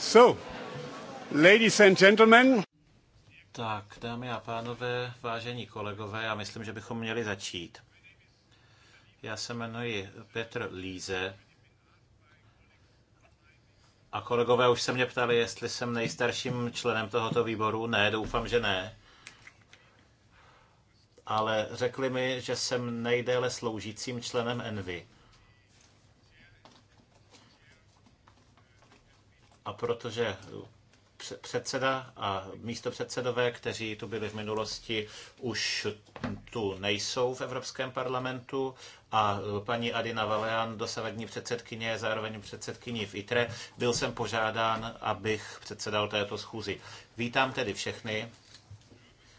So, ladies and gentlemen. Tak, dámy a pánové, vážení kolegové, já myslím, že bychom měli začít. Já se jmenuji Petr Líze a kolegové už se mě ptali, jestli jsem nejstarším členem tohoto výboru. Ne, doufám, že ne. Ale řekli mi, že jsem nejdéle sloužícím členem Envy. A protože předseda a místopředsedové, kteří tu byli v minulosti, už tu nejsou v Evropském parlamentu a paní Adina Valean, dosavadní předsedkyně, zároveň předsedkyní v ITRE, byl jsem požádán, abych předsedal této schůzi. Vítám tedy všechny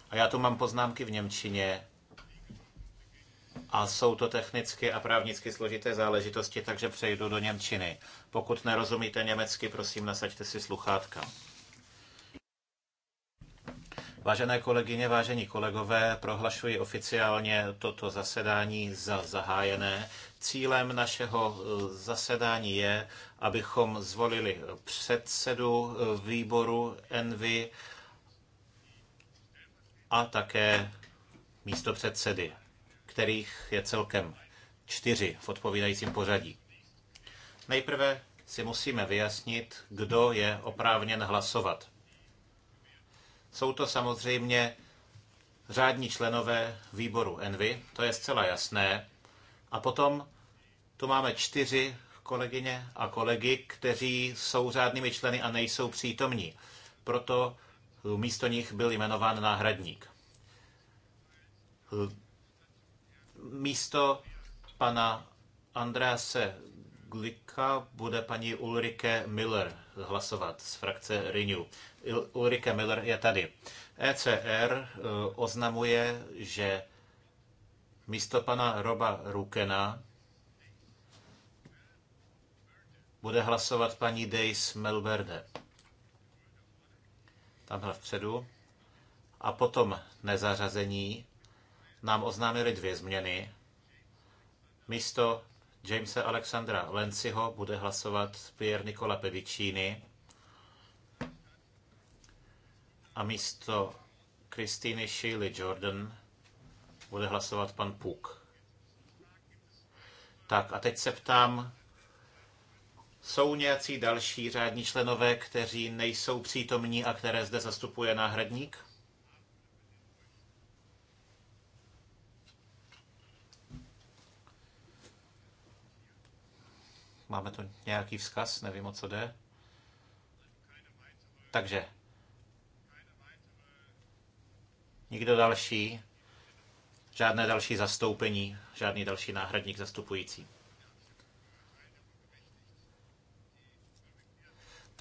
a já tu mám poznámky v Němčině, a jsou to technicky a právnicky složité záležitosti, takže přejdu do Němčiny. Pokud nerozumíte německy, prosím, nasaďte si sluchátka. Vážené kolegyně, vážení kolegové, prohlašuji oficiálně toto zasedání za zahájené. Cílem našeho eh, zasedání je, abychom zvolili předsedu eh, výboru Envy a také místo předsedy kterých je celkem čtyři v odpovídajícím pořadí. Nejprve si musíme vyjasnit, kdo je oprávněn hlasovat. Jsou to samozřejmě řádní členové výboru Envy, to je zcela jasné. A potom tu máme čtyři kolegyně a kolegy, kteří jsou řádnými členy a nejsou přítomní. Proto místo nich byl jmenován náhradník místo pana Andrease Glicka bude paní Ulrike Miller hlasovat z frakce Renew. Ulrike Miller je tady. ECR eh, oznamuje, že místo pana Roba Rukena bude hlasovat paní Dejs Melverde. Tamhle vpředu. A potom nezařazení nám oznámili dvě změny. Místo Jamesa Alexandra Lenciho bude hlasovat Pierre Nicola Pedicini a místo Kristýny Sheely Jordan bude hlasovat pan Puk. Tak a teď se ptám, jsou nějací další řádní členové, kteří nejsou přítomní a které zde zastupuje náhradník? Máme tu nějaký vzkaz, nevím, o co jde. Takže. Nikdo další, žádné další zastoupení, žádný další náhradník zastupující.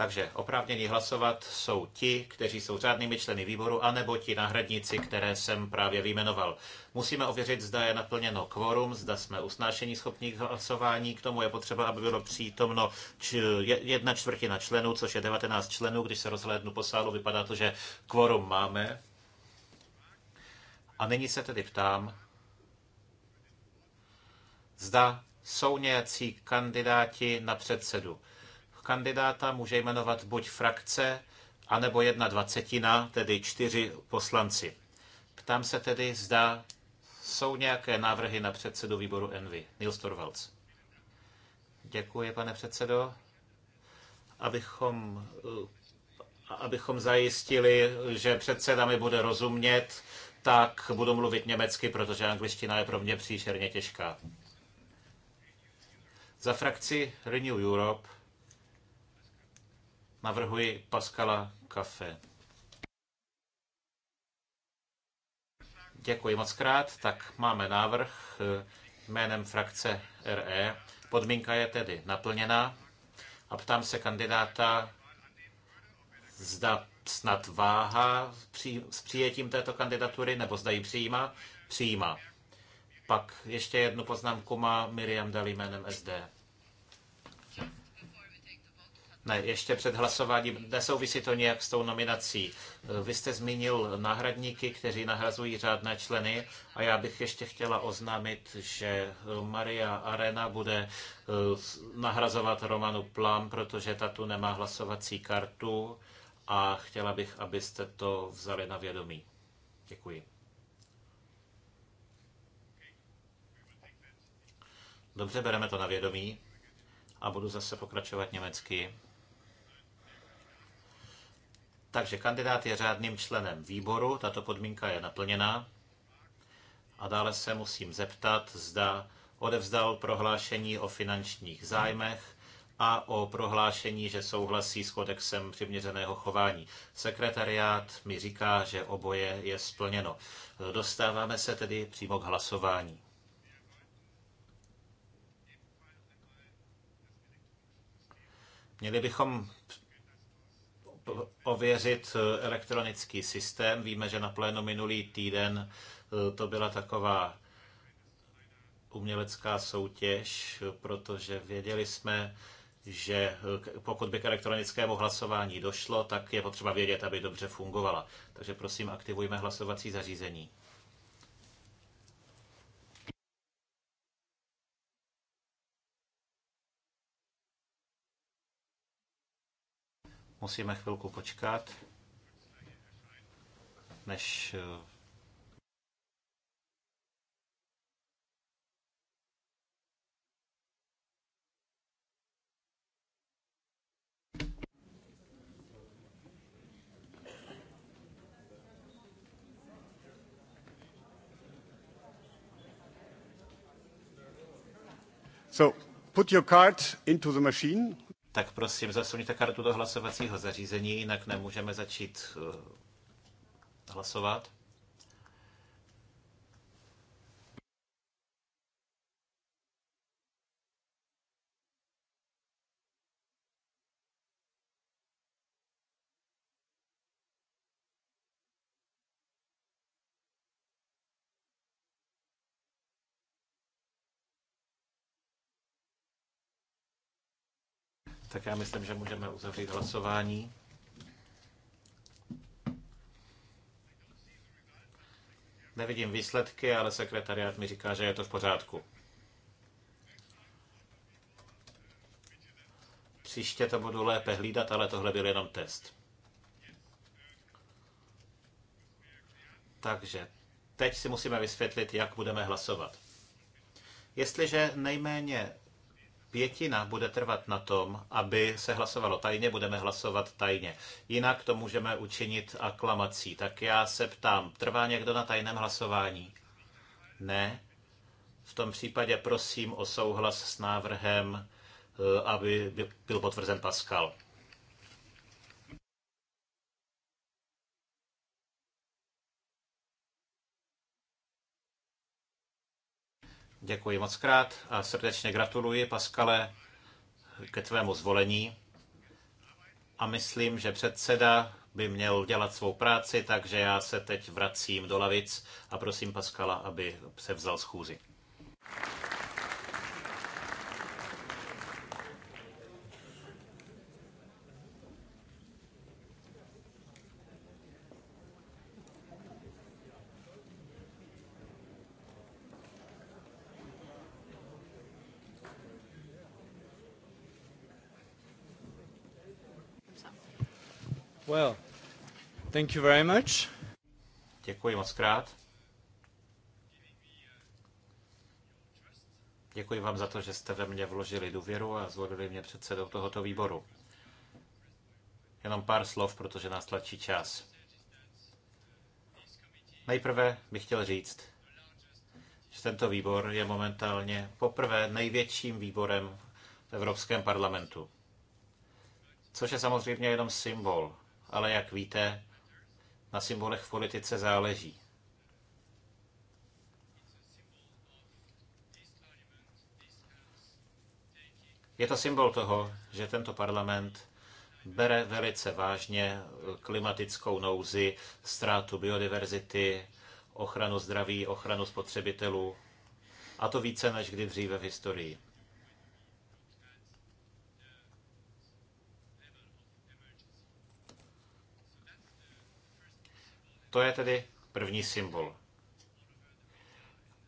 Takže oprávnění hlasovat jsou ti, kteří jsou řádnými členy výboru, anebo ti náhradníci, které jsem právě vyjmenoval. Musíme ověřit, zda je naplněno kvorum, zda jsme usnášení schopní k hlasování. K tomu je potřeba, aby bylo přítomno č- jedna čtvrtina členů, což je 19 členů. Když se rozhlédnu po sálu, vypadá to, že kvorum máme. A nyní se tedy ptám, zda jsou nějací kandidáti na předsedu. Kandidáta může jmenovat buď frakce, anebo jedna dvacetina, tedy čtyři poslanci. Ptám se tedy, zda jsou nějaké návrhy na předsedu výboru Envy. Nils Torvalds. Děkuji, pane předsedo. Abychom, eh, abychom zajistili, že předseda mi bude rozumět, tak budu mluvit německy, protože angličtina je pro mě příšerně těžká. Za frakci Renew Europe Navrhuji Pascala Café. Děkuji moc krát. Tak máme návrh eh, jménem frakce RE. Podmínka je tedy naplněna a ptám se kandidáta, zda snad váha s přijetím této kandidatury, nebo zda ji přijímá? Přijímá. Pak ještě jednu poznámku má Miriam Dali jménem SD. Ne, ještě před hlasováním. Nesouvisí to nějak s tou nominací. Vy jste zmínil náhradníky, kteří nahrazují řádné členy a já bych ještě chtěla oznámit, že Maria Arena bude eh, nahrazovat Romanu Plam, protože ta tu nemá hlasovací kartu a chtěla bych, abyste to vzali na vědomí. Děkuji. Dobře, bereme to na vědomí a budu zase pokračovat německy. Takže kandidát je řádným členem výboru, tato podmínka je naplněná. A dále se musím zeptat, zda odevzdal prohlášení o finančních zájmech a o prohlášení, že souhlasí s kodexem přiměřeného chování. Sekretariát mi říká, že oboje je splněno. Dostáváme se tedy přímo k hlasování. Měli bychom ověřit eh, elektronický systém. Víme, že na plénu minulý týden eh, to byla taková umělecká soutěž, protože věděli jsme, že eh, pokud by k elektronickému hlasování došlo, tak je potřeba vědět, aby dobře fungovala. Takže prosím, aktivujme hlasovací zařízení. Musíme chvilku počkat, než eh, So put your card into the machine. Tak prosím, zasuňte kartu do hlasovacího zařízení, jinak nemůžeme začít eh, hlasovat. Tak já myslím, že můžeme uzavřít hlasování. Nevidím výsledky, ale sekretariát mi říká, že je to v pořádku. Příště to budu lépe hlídat, ale tohle byl jenom test. Takže teď si musíme vysvětlit, jak budeme hlasovat. Jestliže nejméně pětina bude trvat na tom, aby se hlasovalo tajně, budeme hlasovat tajně. Jinak to můžeme učinit aklamací. Tak já se ptám, trvá někdo na tajném hlasování? Ne? V tom případě prosím o souhlas s návrhem, eh, aby byl potvrzen Pascal. Děkuji moc krát a srdečně gratuluji, Paskale, ke tvému zvolení. A myslím, že předseda by měl dělat svou práci, takže já se teď vracím do lavic a prosím Paskala, aby se vzal schůzi. Well, thank you very much. Děkuji moc krát. Děkuji vám za to, že jste ve mě vložili důvěru a zvolili mě předsedou tohoto výboru. Jenom pár slov, protože nás tlačí čas. Nejprve bych chtěl říct, že tento výbor je momentálně poprvé největším výborem v Evropském parlamentu. Což je samozřejmě jenom symbol ale jak víte, na symbolech v politice záleží. Je to symbol toho, že tento parlament bere velice vážně klimatickou nouzi, ztrátu biodiverzity, ochranu zdraví, ochranu spotřebitelů, a to více než kdy dříve v historii. To je tedy první symbol.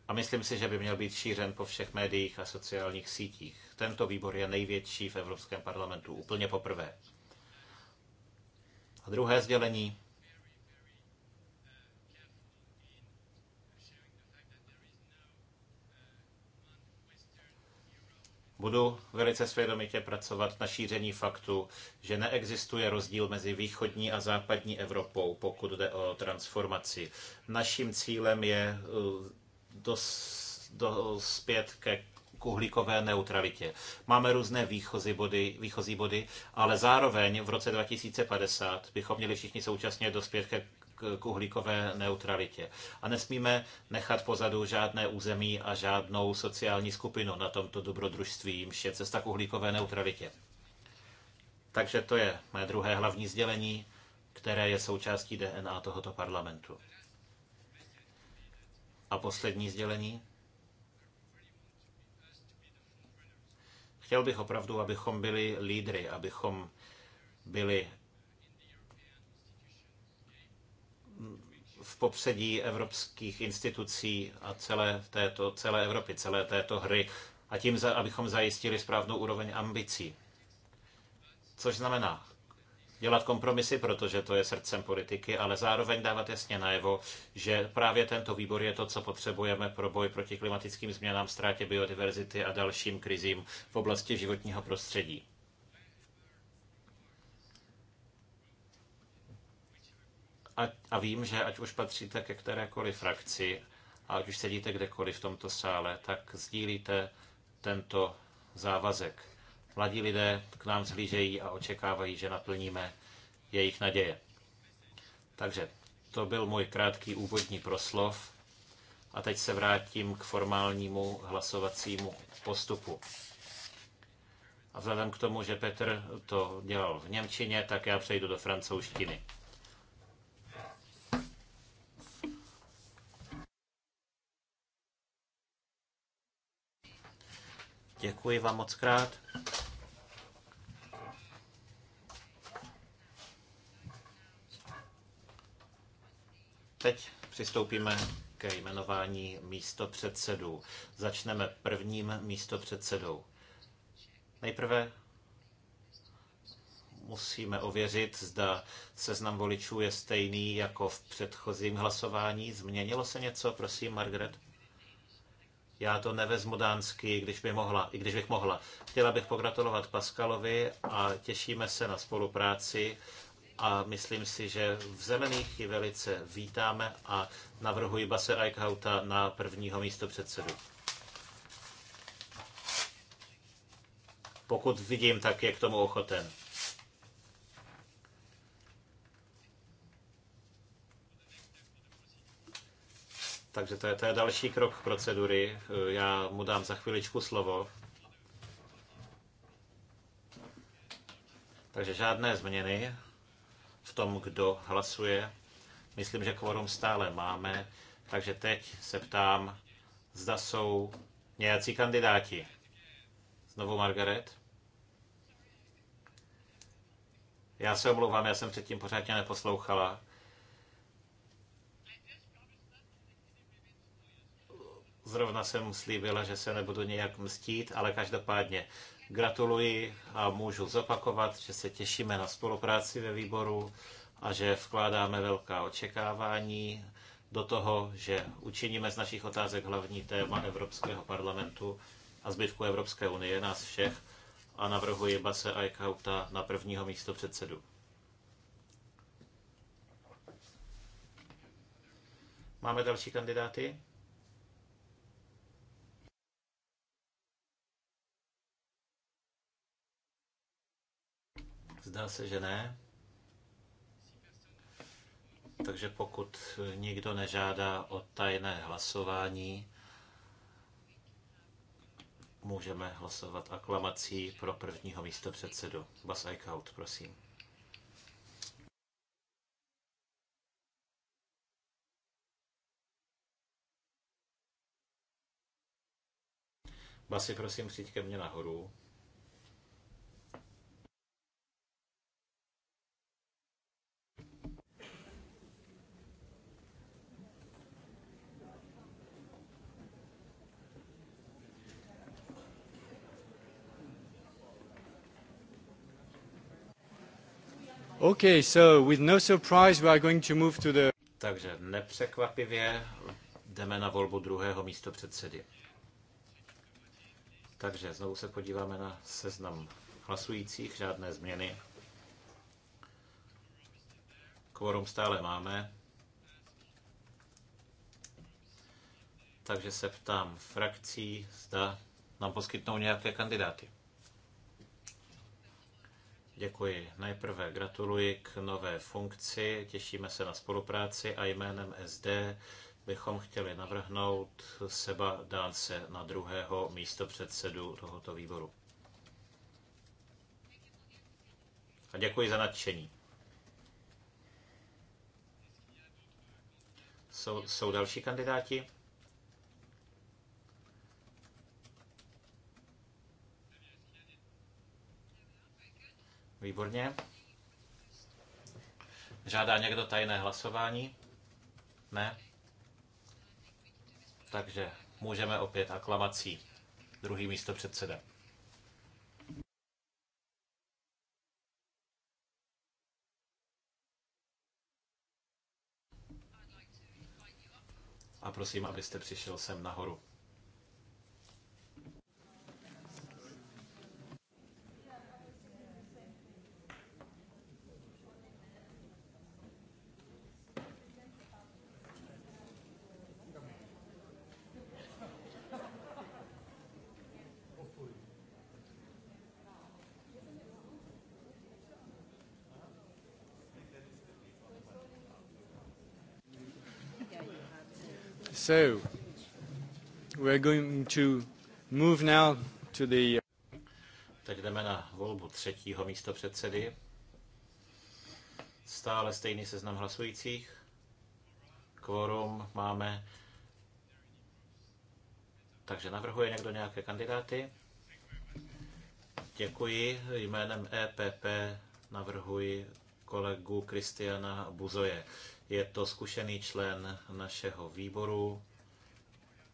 A myslím si, že by měl být šířen po všech médiích a sociálních sítích. Tento výbor je největší v Evropském parlamentu, úplně poprvé. A druhé sdělení Budu velice svědomitě pracovat na šíření faktu, že neexistuje rozdíl mezi východní a západní Evropou, pokud jde o transformaci. Naším cílem je eh, dospět ke k uhlíkové neutralitě. Máme různé výchozí body, výchozí body, ale zároveň v roce 2050 bychom měli všichni současně dospět ke k uhlíkové neutralitě. A nesmíme nechat pozadu žádné území a žádnou sociální skupinu na tomto dobrodružství, jimž je cesta k uhlíkové neutralitě. Takže to je mé druhé hlavní sdělení, které je součástí DNA tohoto parlamentu. A poslední sdělení. Chtěl bych opravdu, abychom byli lídry, abychom byli v popředí evropských institucí a celé, této, celé Evropy, celé této hry a tím, abychom zajistili správnou úroveň ambicí. Což znamená dělat kompromisy, protože to je srdcem politiky, ale zároveň dávat jasně najevo, že právě tento výbor je to, co potřebujeme pro boj proti klimatickým změnám, ztrátě biodiverzity a dalším krizím v oblasti životního prostředí. a, a vím, že ať už patříte ke kterékoliv frakci, a ať už sedíte kdekoliv v tomto sále, tak sdílíte tento závazek. Mladí lidé k nám zhlížejí a očekávají, že naplníme jejich naděje. Takže to byl můj krátký úvodní proslov a teď se vrátím k formálnímu hlasovacímu postupu. A vzhledem k tomu, že Petr to dělal v Němčině, tak já přejdu do francouzštiny. Děkuji vám moc krát. Teď přistoupíme ke jmenování místopředsedů. Začneme prvním místopředsedou. Nejprve musíme ověřit, zda seznam voličů je stejný jako v předchozím hlasování. Změnilo se něco, prosím, Margaret? Já to nevezmu dánsky, když by mohla, i když bych mohla. Chtěla bych pogratulovat Paskalovi a těšíme se na spolupráci a myslím si, že v zelených ji velice vítáme a navrhuji Base Eichhauta na prvního místo předsedu. Pokud vidím, tak je k tomu ochoten. Takže to je, to je další krok procedury. Já mu dám za chviličku slovo. Takže žádné změny v tom, kdo hlasuje. Myslím, že kvorum stále máme, takže teď se ptám, zda jsou nějací kandidáti. Znovu Margaret. Já se omlouvám, já jsem předtím pořádně neposlouchala. Zrovna jsem slíbila, že se nebudu nějak mstít, ale každopádně gratuluji a můžu zopakovat, že se těšíme na spolupráci ve výboru a že vkládáme velká očekávání do toho, že učiníme z našich otázek hlavní téma Evropského parlamentu a zbytku Evropské unie, nás všech, a navrhuji Base Eichhauta na prvního místo předsedu. Máme další kandidáty? Zdá se, že ne. Takže pokud nikdo nežádá o tajné hlasování, můžeme hlasovat aklamací pro prvního místo předsedu. Bas Eichhout, prosím. Basi, prosím, přijď ke mně nahoru. Okay, so with no surprise we are going to move to the... Takže nepřekvapivě jdeme na volbu druhého místo předsedy. Takže znovu se podíváme na seznam hlasujících, žádné změny. Kvorum stále máme. Takže se ptám frakcí, zda nám poskytnou nějaké kandidáty. Děkuji. Nejprve gratuluji k nové funkci, těšíme se na spolupráci a jménem SD bychom chtěli navrhnout Seba Dánce na druhého místo předsedu tohoto výboru. A děkuji za nadšení. Jsou, jsou další kandidáti? Výborně. Žádá někdo tajné hlasování? Ne? Takže můžeme opět aklamací. Druhý místo předseda. A prosím, abyste přišel sem nahoru. So, we're going to move now to the... Teď jdeme na volbu třetího místo předsedy. Stále stejný seznam hlasujících. Kvorum máme. Takže navrhuje někdo nějaké kandidáty? Děkuji. Jménem EPP navrhuji kolegu Kristiana Buzoje. Je to zkušený člen našeho výboru,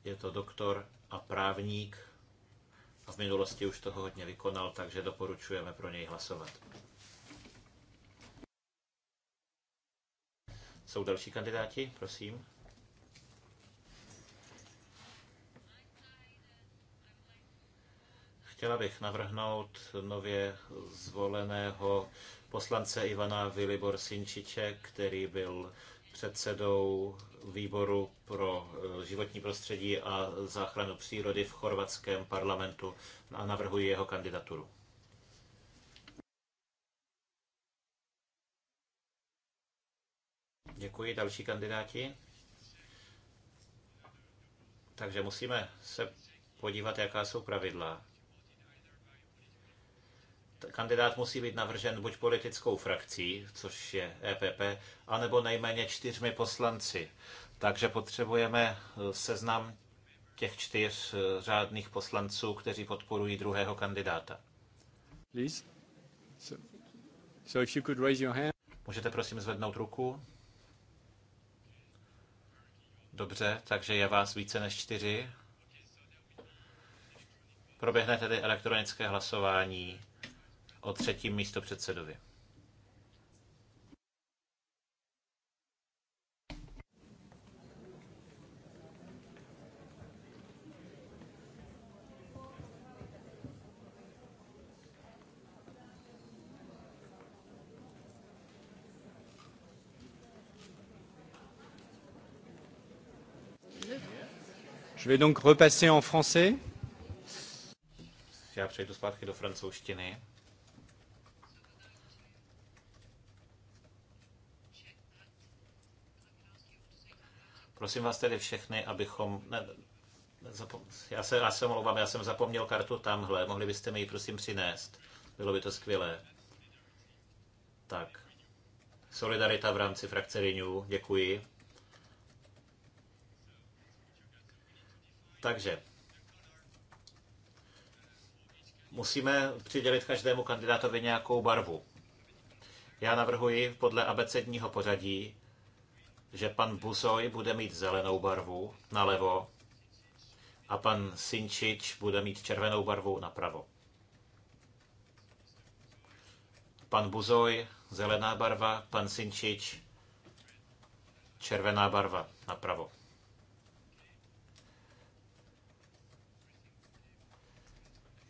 je to doktor a právník a v minulosti už toho hodně vykonal, takže doporučujeme pro něj hlasovat. Jsou další kandidáti, prosím? Chtěla bych navrhnout nově zvoleného poslance Ivana Vilibor Sinčiče, který byl předsedou výboru pro eh, životní prostředí a záchranu přírody v chorvatském parlamentu a navrhuji jeho kandidaturu. Děkuji. Další kandidáti? Takže musíme se podívat, jaká jsou pravidla kandidát musí být navržen buď politickou frakcí, což je EPP, anebo nejméně čtyřmi poslanci. Takže potřebujeme eh, seznam těch čtyř eh, řádných poslanců, kteří podporují druhého kandidáta. So, so if you could raise your hand. Můžete prosím zvednout ruku? Dobře, takže je vás více než čtyři. Proběhne tedy elektronické hlasování o třetím místo předsedovi. Je vais donc repasser en français. Já přejdu zpátky do francouzštiny. Prosím vás tedy všechny, abychom... Ne, zapom... já, se, já se omlouvám, já jsem zapomněl kartu tamhle. Mohli byste mi ji prosím přinést? Bylo by to skvělé. Tak. Solidarita v rámci frakce Renew. Děkuji. Takže musíme přidělit každému kandidátovi nějakou barvu. Já navrhuji podle abecedního pořadí že pan Buzoj bude mít zelenou barvu nalevo a pan Sinčič bude mít červenou barvu napravo. Pan Buzoj, zelená barva, pan Sinčič, červená barva napravo.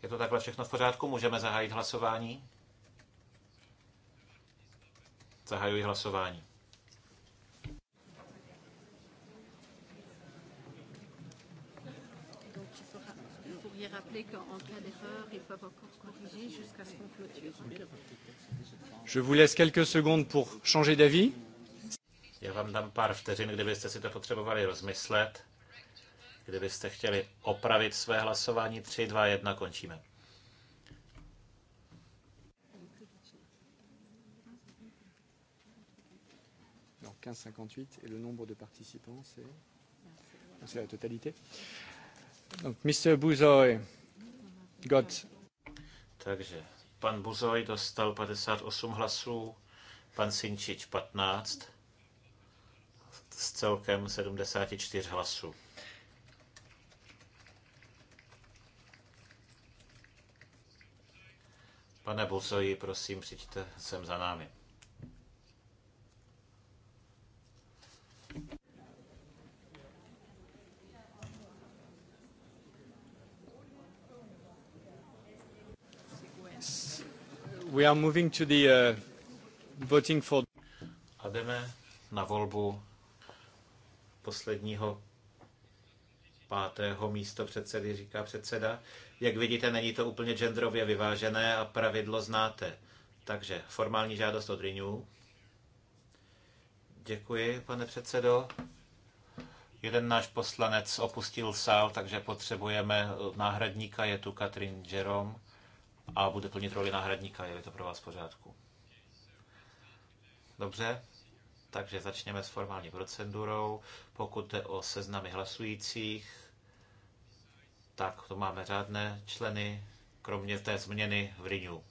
Je to takhle všechno v pořádku? Můžeme zahájit hlasování? Zahajuji hlasování. vouliez rappeler qu'en cas d'erreur, ils peuvent encore corriger jusqu'à ce qu'on clôture. Je vous laisse quelques secondes pour changer d'avis. Já vám dám pár vteřin, kdybyste si to potřebovali rozmyslet. Kdybyste chtěli opravit své hlasování 3, 2, 1, končíme. Alors 15,58 et le nombre de participants, c'est la totalité. Mr. got... Takže pan Buzoj dostal 58 hlasů, pan Sinčič 15 s celkem 74 hlasů. Pane Buzoji, prosím, přijďte sem za námi. We are moving to the uh, voting for... A jdeme na volbu posledního pátého místo předsedy, říká předseda. Jak vidíte, není to úplně genderově vyvážené a pravidlo znáte. Takže formální žádost od Rinu. Děkuji, pane předsedo. Jeden náš poslanec opustil sál, takže potřebujeme náhradníka, je tu Katrin Jerome a bude plnit roli náhradníka, je to pro vás v pořádku. Dobře, takže začněme s formální procedurou. Pokud jde o seznamy hlasujících, tak to máme řádné členy, kromě té změny v Rinu.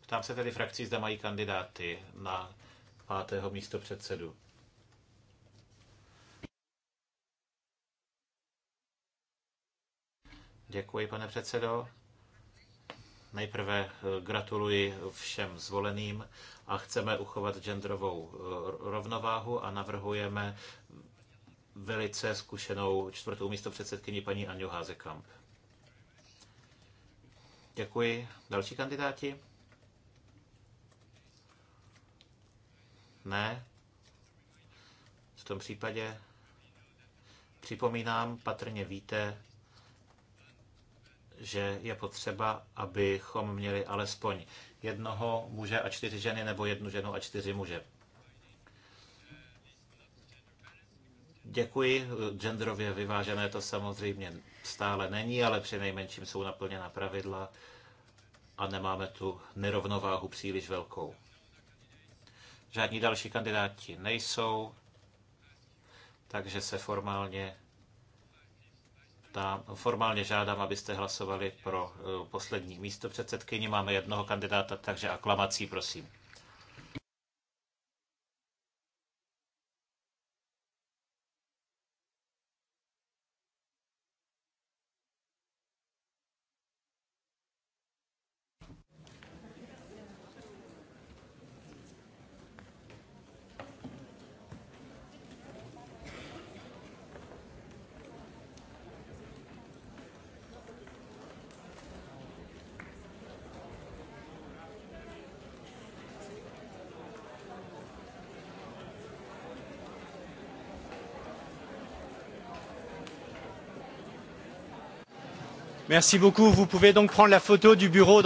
Ptám se tedy frakcí, zda mají kandidáty na pátého místo předsedu. Děkuji, pane předsedo. Nejprve eh, gratuluji všem zvoleným a chceme uchovat genderovou eh, rovnováhu a navrhujeme velice zkušenou čtvrtou místo předsedkyni paní Anju Házekamp. Děkuji. Další kandidáti? Ne. V tom případě připomínám, patrně víte, že je potřeba, abychom měli alespoň jednoho muže a čtyři ženy nebo jednu ženu a čtyři muže. Děkuji. Genderově vyvážené to samozřejmě stále není, ale při nejmenším jsou naplněna pravidla a nemáme tu nerovnováhu příliš velkou. Žádní další kandidáti nejsou, takže se formálně ta formálně žádám, abyste hlasovali pro eh, poslední místo předsedkyni. Máme jednoho kandidáta, takže aklamací, prosím. Merci beaucoup. Vous pouvez donc prendre la photo du bureau.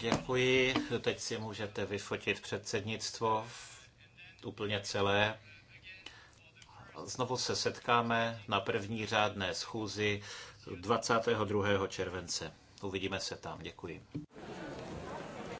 Děkuji. Teď si můžete vyfotit předsednictvo úplně celé. Znovu se setkáme na první řádné schůzi 22. července. Uvidíme se tam. Děkuji.